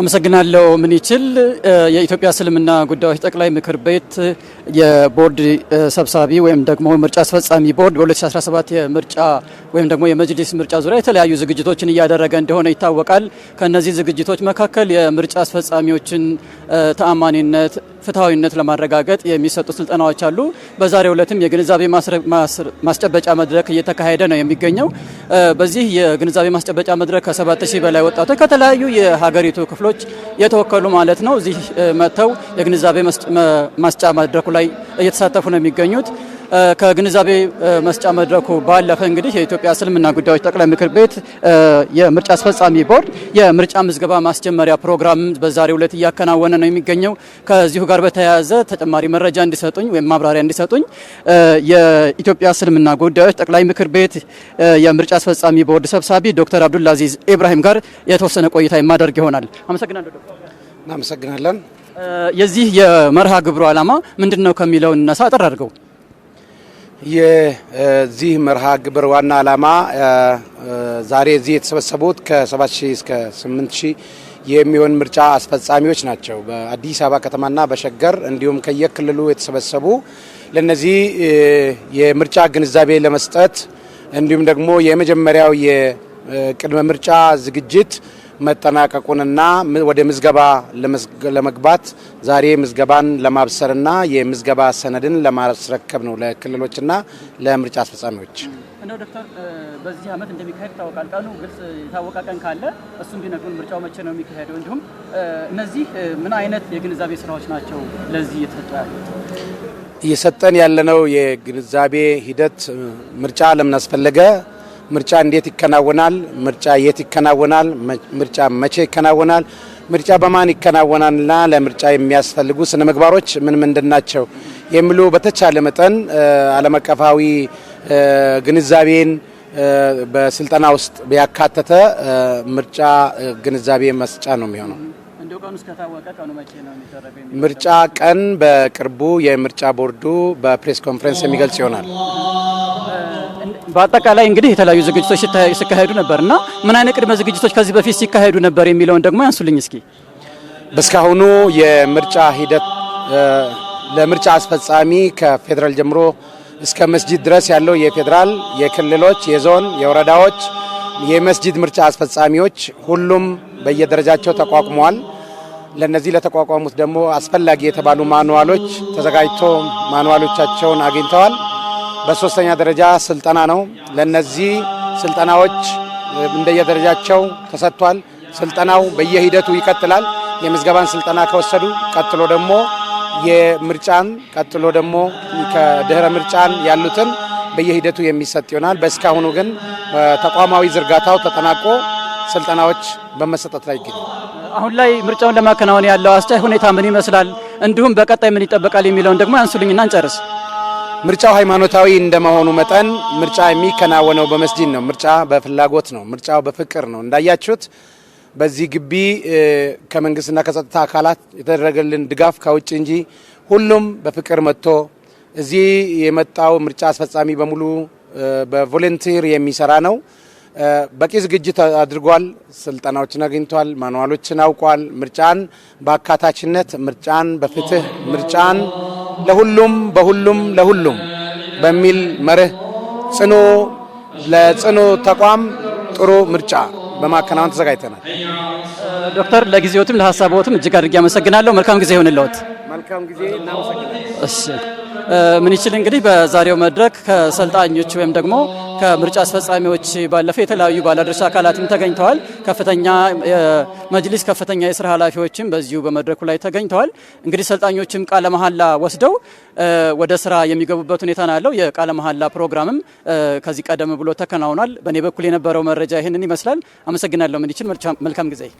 አመሰግናለሁ ምን ይችል የኢትዮጵያ እስልምና ጉዳዮች ጠቅላይ ምክር ቤት የቦርድ ሰብሳቢ ወይም ደግሞ ምርጫ አስፈጻሚ ቦርድ በ2017 የምርጫ ወይም ደግሞ የመጅሊስ ምርጫ ዙሪያ የተለያዩ ዝግጅቶችን እያደረገ እንደሆነ ይታወቃል። ከእነዚህ ዝግጅቶች መካከል የምርጫ አስፈጻሚዎችን ተአማኒነት ፍትሐዊነት ለማረጋገጥ የሚሰጡ ስልጠናዎች አሉ። በዛሬው ዕለትም የግንዛቤ ማስጨበጫ መድረክ እየተካሄደ ነው የሚገኘው። በዚህ የግንዛቤ ማስጨበጫ መድረክ ከሰባት ሺህ በላይ ወጣቶች ከተለያዩ የሀገሪቱ ክፍሎች የተወከሉ ማለት ነው እዚህ መጥተው የግንዛቤ ማስጫ መድረኩ ላይ እየተሳተፉ ነው የሚገኙት። ከግንዛቤ መስጫ መድረኩ ባለፈ እንግዲህ የኢትዮጵያ እስልምና ጉዳዮች ጠቅላይ ምክር ቤት የምርጫ አስፈጻሚ ቦርድ የምርጫ ምዝገባ ማስጀመሪያ ፕሮግራም በዛሬው ዕለት እያከናወነ ነው የሚገኘው። ከዚሁ ጋር በተያያዘ ተጨማሪ መረጃ እንዲሰጡኝ ወይም ማብራሪያ እንዲሰጡኝ የኢትዮጵያ እስልምና ጉዳዮች ጠቅላይ ምክር ቤት የምርጫ አስፈጻሚ ቦርድ ሰብሳቢ ዶክተር አብዱልአዚዝ ኢብራሂም ጋር የተወሰነ ቆይታ የማደርግ ይሆናል። አመሰግናለሁ ዶክተር። እናመሰግናለን። የዚህ የመርሃ ግብሩ ዓላማ ምንድን ነው ከሚለው እነሳ አጠር አድርገው የዚህ መርሃ ግብር ዋና ዓላማ ዛሬ እዚህ የተሰበሰቡት ከ7000 እስከ 8000 የሚሆን ምርጫ አስፈጻሚዎች ናቸው። በአዲስ አበባ ከተማና በሸገር እንዲሁም ከየክልሉ የተሰበሰቡ ለነዚህ የምርጫ ግንዛቤ ለመስጠት እንዲሁም ደግሞ የመጀመሪያው የቅድመ ምርጫ ዝግጅት መጠናቀቁንና ወደ ምዝገባ ለመግባት ዛሬ ምዝገባን ለማብሰርና የምዝገባ ሰነድን ለማስረከብ ነው ለክልሎችና ለምርጫ አስፈጻሚዎች። እንደው ዶክተር በዚህ ዓመት እንደሚካሄድ ይታወቃል። ቀኑ ግልጽ የታወቀ ቀን ካለ እሱም ቢነግሩን ምርጫው መቼ ነው የሚካሄደው? እንዲሁም እነዚህ ምን አይነት የግንዛቤ ስራዎች ናቸው ለዚህ እየተሰጡ ያለ እየሰጠን ያለነው የግንዛቤ ሂደት ምርጫ ለምን አስፈለገ ምርጫ እንዴት ይከናወናል? ምርጫ የት ይከናወናል? ምርጫ መቼ ይከናወናል? ምርጫ በማን ይከናወናልና ለምርጫ የሚያስፈልጉ ስነ ምግባሮች ምን ምንድን ናቸው የሚሉ በተቻለ መጠን ዓለም አቀፋዊ ግንዛቤን በስልጠና ውስጥ ያካተተ ምርጫ ግንዛቤ መስጫ ነው የሚሆነው። ምርጫ ቀን በቅርቡ የምርጫ ቦርዱ በፕሬስ ኮንፈረንስ የሚገልጽ ይሆናል። በአጠቃላይ እንግዲህ የተለያዩ ዝግጅቶች ሲካሄዱ ነበር እና ምን አይነት ቅድመ ዝግጅቶች ከዚህ በፊት ሲካሄዱ ነበር የሚለውን ደግሞ ያንሱልኝ እስኪ። እስካሁኑ የምርጫ ሂደት ለምርጫ አስፈጻሚ ከፌዴራል ጀምሮ እስከ መስጂድ ድረስ ያለው የፌዴራል፣ የክልሎች፣ የዞን፣ የወረዳዎች የመስጂድ ምርጫ አስፈጻሚዎች ሁሉም በየደረጃቸው ተቋቁመዋል። ለነዚህ ለተቋቋሙት ደግሞ አስፈላጊ የተባሉ ማኑዋሎች ተዘጋጅቶ ማኑዋሎቻቸውን አግኝተዋል። በሶስተኛ ደረጃ ስልጠና ነው። ለነዚህ ስልጠናዎች እንደየደረጃቸው ተሰጥቷል። ስልጠናው በየሂደቱ ይቀጥላል። የምዝገባን ስልጠና ከወሰዱ ቀጥሎ ደግሞ የምርጫን ቀጥሎ ደግሞ ከድህረ ምርጫን ያሉትን በየሂደቱ የሚሰጥ ይሆናል። በእስካሁኑ ግን ተቋማዊ ዝርጋታው ተጠናቆ ስልጠናዎች በመሰጠት ላይ ይገኛል። አሁን ላይ ምርጫውን ለማከናወን ያለው አስቻይ ሁኔታ ምን ይመስላል፣ እንዲሁም በቀጣይ ምን ይጠበቃል የሚለውን ደግሞ ያንሱልኝና እንጨርስ። ምርጫው ሃይማኖታዊ እንደመሆኑ መጠን ምርጫ የሚከናወነው በመስጂድ ነው። ምርጫ በፍላጎት ነው። ምርጫው በፍቅር ነው። እንዳያችሁት በዚህ ግቢ ከመንግስትና ከጸጥታ አካላት የተደረገልን ድጋፍ ከውጭ እንጂ ሁሉም በፍቅር መጥቶ እዚህ የመጣው ምርጫ አስፈጻሚ በሙሉ በቮለንቲር የሚሰራ ነው። በቂ ዝግጅት አድርጓል። ስልጠናዎችን አግኝቷል። ማንዋሎችን አውቋል። ምርጫን በአካታችነት፣ ምርጫን በፍትህ፣ ምርጫን ለሁሉም በሁሉም ለሁሉም በሚል መርህ ጽኑ ለጽኑ ተቋም ጥሩ ምርጫ በማከናወን ተዘጋጅተናል። ዶክተር ለጊዜዎትም ለሀሳቦትም እጅግ አድርጌ አመሰግናለሁ። መልካም ጊዜ ይሁንልዎት። መልካም ጊዜ እናመሰግናለን። ምን ይችል እንግዲህ በዛሬው መድረክ ከሰልጣኞች ወይም ደግሞ ከምርጫ አስፈጻሚዎች ባለፈ የተለያዩ ባለድርሻ አካላትም ተገኝተዋል። ከፍተኛ መጅሊስ ከፍተኛ የስራ ኃላፊዎችም በዚሁ በመድረኩ ላይ ተገኝተዋል። እንግዲህ ሰልጣኞችም ቃለ መሀላ ወስደው ወደ ስራ የሚገቡበት ሁኔታ ነው ያለው። የቃለ መሀላ ፕሮግራምም ከዚህ ቀደም ብሎ ተከናውኗል። በእኔ በኩል የነበረው መረጃ ይህንን ይመስላል። አመሰግናለሁ። ምን ይችል መልካም ጊዜ